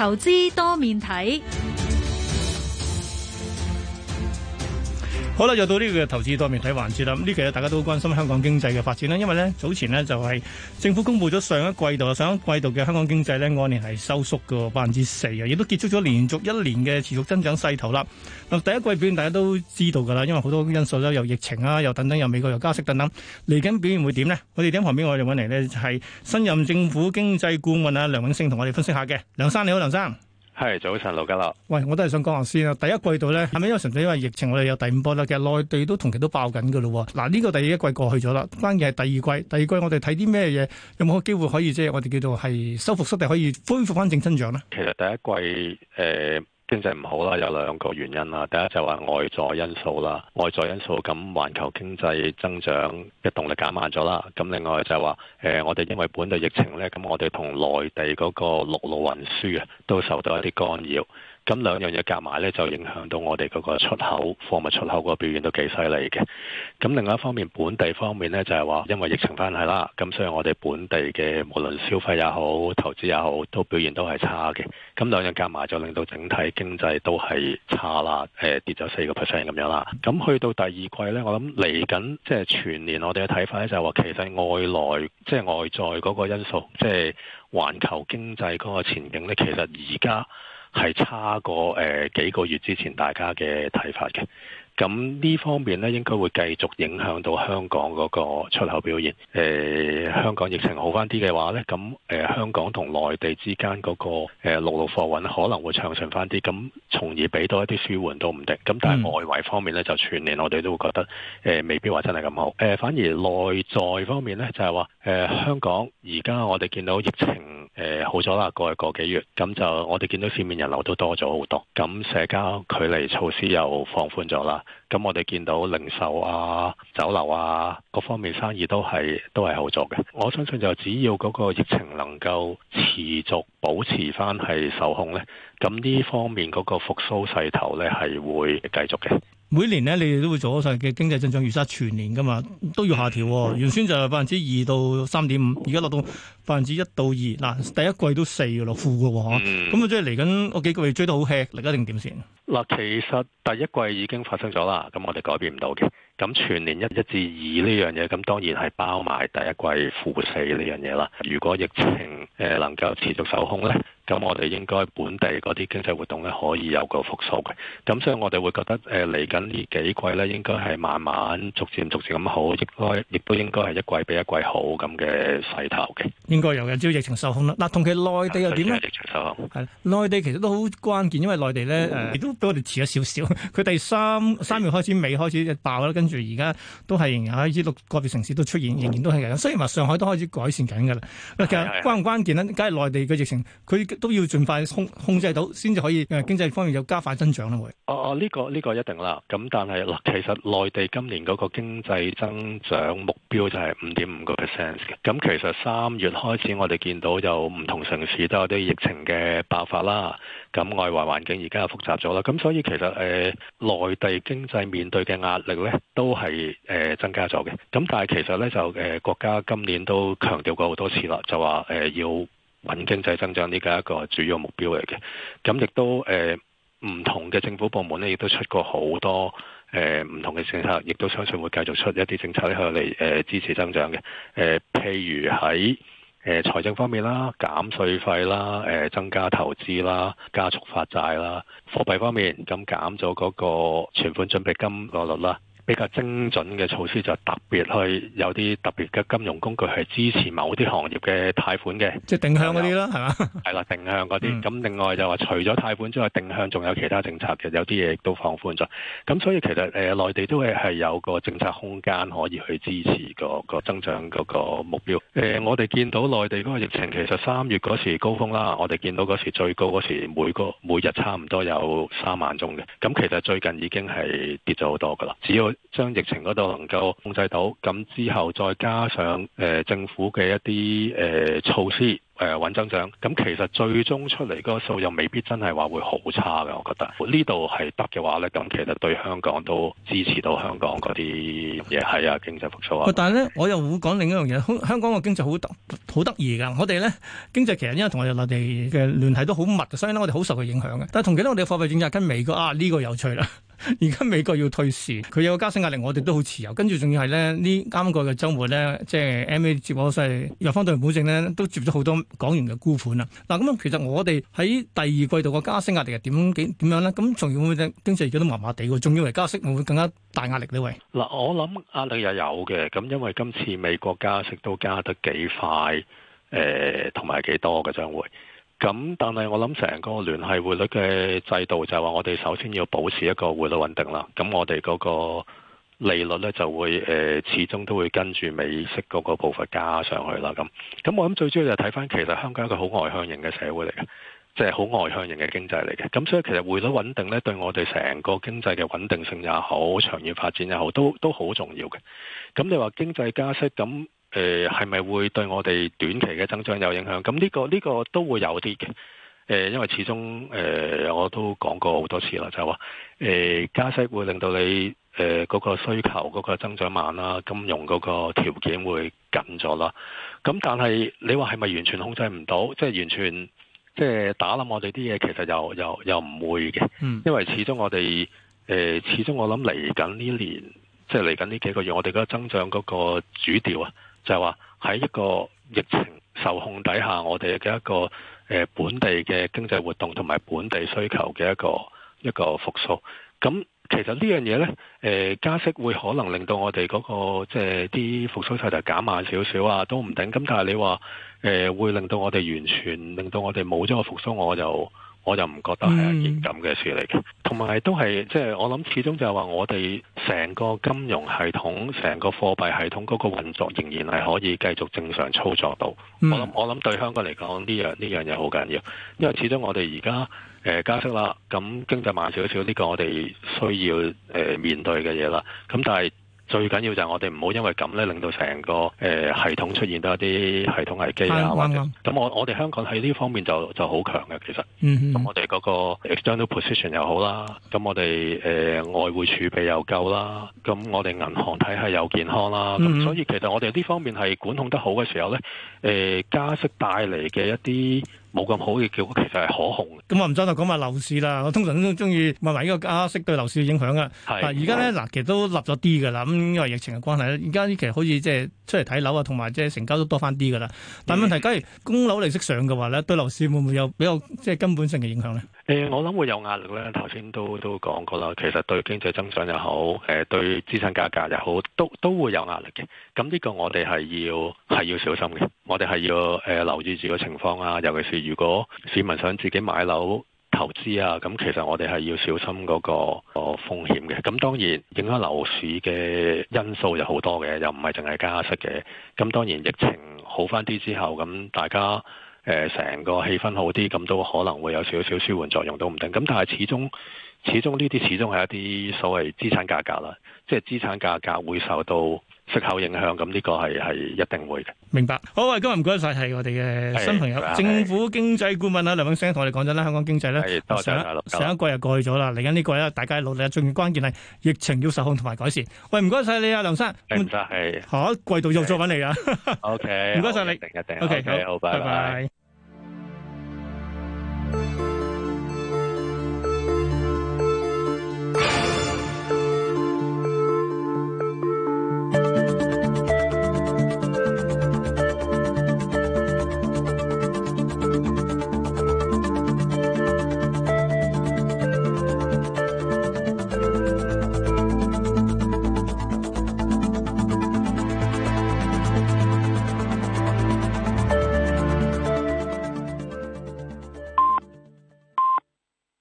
投資多面睇。好啦，又到呢個投資多面睇環節啦。咁呢期大家都好關心香港經濟嘅發展啦。因為咧，早前呢就係政府公布咗上一季度上一季度嘅香港經濟咧，按年係收縮個百分之四啊，亦都結束咗連續一年嘅持續增長勢頭啦。嗱，第一季表現大家都知道噶啦，因為好多因素咧，有疫情啊，又等等，又美國又加息等等，嚟緊表現會點呢？我哋喺旁邊我哋揾嚟咧係新任政府經濟顧問啊梁永勝同我哋分析下嘅，梁生你好，梁生。係早晨，盧家樂。喂，我都係想講下先啊。第一季度咧，係咪因為純粹因為疫情，我哋有第五波啦？其實內地都同期都爆緊噶啦。嗱，呢個第一季過去咗啦，關鍵係第二季。第二季我哋睇啲咩嘢？有冇個機會可以即係我哋叫做係收復失地，可以恢復翻正增長咧？其實第一季誒。呃經濟唔好啦，有兩個原因啦。第一就話外在因素啦，外在因素咁環球經濟增長嘅動力減慢咗啦。咁另外就係話，誒、呃，我哋因為本地疫情呢，咁我哋同內地嗰個陸路運輸啊，都受到一啲干擾。咁兩樣嘢夾埋咧，就影響到我哋嗰個出口貨物出口嗰個表現都幾犀利嘅。咁另外一方面，本地方面咧，就係話因為疫情關係啦，咁所以我哋本地嘅無論消費也好、投資也好，都表現都係差嘅。咁兩樣夾埋就令到整體經濟都係差啦。誒、呃，跌咗四個 percent 咁樣啦。咁去到第二季咧，我諗嚟緊即係全年我哋嘅睇法咧，就係話其實外來即係外在嗰個因素，即係環球經濟嗰個前景咧，其實而家，係差過誒、呃、幾個月之前大家嘅睇法嘅。咁呢方面呢，應該會繼續影響到香港嗰個出口表現。誒、呃，香港疫情好翻啲嘅話呢，咁誒香港同內地之間嗰個誒陸路貨運可能會暢順翻啲，咁從而俾到一啲舒緩都唔定。咁但係外圍方面呢，就全年我哋都會覺得誒、呃，未必話真係咁好。誒、呃，反而內在方面呢，就係話，誒、呃、香港而家我哋見到疫情。誒、呃，好咗啦，過去個幾月，咁就我哋見到市面人流都多咗好多，咁社交距離措施又放寬咗啦，咁我哋見到零售啊、酒樓啊各方面生意都係都係好做嘅。我相信就只要嗰個疫情能夠持續保持翻係受控呢，咁呢方面嗰個復甦勢頭呢係會繼續嘅。每年咧，你哋都會做好晒嘅經濟增長預測全年㗎嘛，都要下調、哦。原先就係百分之二到三點五，而家落到百分之一到二。嗱，第一季都四嘅咯，負嘅喎、哦，咁啊、嗯嗯、即係嚟緊，我幾個月追得好吃力，而家定點先？嗱，其實第一季已經發生咗啦，咁我哋改變唔到嘅。咁全年一一至二呢樣嘢，咁當然係包埋第一季負四呢樣嘢啦。如果疫情誒能夠持續受控咧，咁我哋應該本地嗰啲經濟活動咧，可以有個復甦嘅。咁所以我哋會覺得誒嚟緊呢幾季咧，應該係慢慢逐漸逐漸咁好，亦都亦都應該係一季比一季好咁嘅勢頭嘅。應該有嘅，只要疫情受控啦。嗱、啊，同其內地又點咧？只要疫情受控，係內地其實都好關鍵，因為內地咧亦、呃嗯、都比我哋遲咗少少。佢第三三月開始未開始就爆啦，跟住而家都係仍然喺呢六個別城市都出現，仍然都係嘅。雖然話上海都開始改善緊㗎啦。其實關唔關鍵咧，梗係內地嘅疫情，佢都要盡快控控制到，先至可以經濟方面有加快增長啦。會、呃。哦、哦，呢個呢個一定啦。咁但係嗱，其實內地今年嗰個經濟增長目標就係五點五個 percent 嘅。咁其實三月開始，我哋見到有唔同城市都有啲疫情嘅爆發啦。咁外環環,環境而家又複雜咗啦。咁所以其實誒、呃，內地經濟面對嘅壓力咧。都係誒增加咗嘅，咁但係其實咧就誒、呃、國家今年都強調過好多次啦，就話誒、呃、要穩經濟增長呢個一個主要目標嚟嘅。咁、嗯、亦都誒唔、呃、同嘅政府部門咧，亦都出過好多誒唔、呃、同嘅政策，亦都相信會繼續出一啲政策咧去嚟誒支持增長嘅。誒、呃，譬如喺誒財政方面啦，減稅費啦，誒、呃、增加投資啦，加速發債啦，貨幣方面咁減咗嗰個存款準備金率啦。比較精準嘅措施，就特別去有啲特別嘅金融工具去支持某啲行業嘅貸款嘅，即係定向嗰啲啦，係嘛？係 啦，定向嗰啲。咁、嗯、另外就話除咗貸款之外，定向仲有其他政策嘅，有啲嘢都放寬咗。咁所以其實誒、呃、內地都係係有個政策空間可以去支持、嗰個個增長嗰個目標。誒、呃，我哋見到內地嗰個疫情其實三月嗰時高峰啦，我哋見到嗰時最高嗰時每個每日差唔多有三萬宗嘅。咁其實最近已經係跌咗好多㗎喇，只要將疫情嗰度能夠控制到，咁之後再加上誒、呃、政府嘅一啲誒、呃、措施誒穩、呃、增長，咁其實最終出嚟嗰個數又未必真係話會好差㗎，我覺得呢度係得嘅話咧，咁其實對香港都支持到香港嗰啲嘢。係啊，經濟復甦啊。但係咧，我又會講另一樣嘢。香港嘅經濟好得好得意㗎，我哋咧經濟其實因為同我哋內地嘅聯繫都好密，所以咧我哋好受佢影響嘅。但係同時我哋貨幣政策跟美國啊呢、呢個有趣啦。而家美國要退市，佢有個加息壓力，我哋都好持有。跟住仲要係咧，呢啱個嘅週末咧，即係 M A 接我，所以藥方對唔保證咧都接咗好多港元嘅沽盤啦。嗱、啊，咁、嗯、啊，其實我哋喺第二季度個加息壓力係點幾點樣咧？咁仲要會經濟而家都麻麻地喎，仲以為加息會會更加大壓力呢喂，嗱、呃，我諗壓力又有嘅，咁因為今次美國加息都加得幾快，誒、呃，同埋幾多嘅將會。咁，但係我諗成個聯繫匯率嘅制度就係話，我哋首先要保持一個匯率穩定啦。咁我哋嗰個利率呢，就會誒、呃，始終都會跟住美息嗰個步伐加上去啦。咁，咁我諗最主要就係睇翻，其實香港一個好外向型嘅社會嚟嘅，即係好外向型嘅經濟嚟嘅。咁所以其實匯率穩定呢，對我哋成個經濟嘅穩定性也好、長遠發展也好，都都好重要嘅。咁你話經濟加息咁，誒，係咪、呃、會對我哋短期嘅增長有影響？咁呢、這個呢、這個都會有啲嘅。誒、呃，因為始終誒、呃，我都講過好多次啦，就話、是、誒、呃，加息會令到你誒嗰、呃、那個需求嗰個增長慢啦，金融嗰個條件會緊咗啦。咁但係你話係咪完全控制唔到？即係完全即係打冧我哋啲嘢，其實又又又唔會嘅。嗯、因為始終我哋誒、呃，始終我諗嚟緊呢年。即係嚟緊呢幾個月，我哋嗰個增長嗰個主調啊，就係話喺一個疫情受控底下，我哋嘅一個誒、呃、本地嘅經濟活動同埋本地需求嘅一個一個復甦。咁、嗯、其實呢樣嘢呢，誒、呃、加息會可能令到我哋嗰、那個即係啲復甦速度減慢少少啊，都唔定。咁但係你話誒、呃、會令到我哋完全令到我哋冇咗個復甦，我就。我就唔覺得係一件咁嘅事嚟嘅，同埋都係即係我諗始終就係話我哋成個金融系統、成個貨幣系統嗰個運作仍然係可以繼續正常操作到。 我諗我諗對香港嚟講呢樣呢樣嘢好緊要，因為始終我哋而家誒加息啦，咁經濟慢少少，呢、呢個我哋需要誒、呃、面對嘅嘢啦。咁但係。最緊要就係我哋唔好因為咁咧，令到成個誒、呃、系統出現到一啲系統危機啊，嗯、或者咁、嗯、我我哋香港喺呢方面就就好強嘅其實，咁、嗯嗯、我哋嗰個 external position 又好啦，咁我哋誒、呃、外匯儲備又夠啦，咁我哋銀行體系又健康啦，咁、嗯、所以其實我哋呢方面係管控得好嘅時候呢，誒、呃、加息帶嚟嘅一啲。冇咁好嘅叫，結果其實係可控嘅。咁啊，唔再講埋樓市啦。我通常都中意問埋、這、依個加、啊、息對樓市嘅影響嘅。係的。而家咧嗱，其實都立咗啲嘅啦。咁因為疫情嘅關係咧，而家其實好似即係出嚟睇樓啊，同埋即係成交都多翻啲嘅啦。但係問題，假如的供樓利息上嘅話咧，對樓市會唔會有比較即係、就是、根本性嘅影響咧？誒、呃，我諗會有壓力咧。頭先都都講過啦，其實對經濟增長又好，誒、呃、對資產價格又好，都都會有壓力嘅。咁呢個我哋係要係要小心嘅。我哋係要誒、呃、留意住個情況啊。尤其是如果市民想自己買樓投資啊，咁其實我哋係要小心嗰個個風險嘅。咁當然影響樓市嘅因素有好多嘅，又唔係淨係加息嘅。咁當然疫情好翻啲之後，咁大家。呃，成個氣氛好啲，咁都可能會有少少舒緩作用，都唔定。咁但係始終。始終呢啲始終係一啲所謂資產價格啦，即係資產價格會受到息口影響，咁呢個係係一定會嘅。明白，好啊，今日唔該晒，係我哋嘅新朋友，政府經濟顧問啊，梁永勝同我哋講咗啦，香港經濟咧上一季又過去咗啦，嚟緊呢個咧，大家努力啊，最關鍵係疫情要受控同埋改善。喂，唔該晒你啊，梁生，唔該，係下一季度又再揾嚟啊。OK，唔該晒你，一定一定，OK，好，拜拜。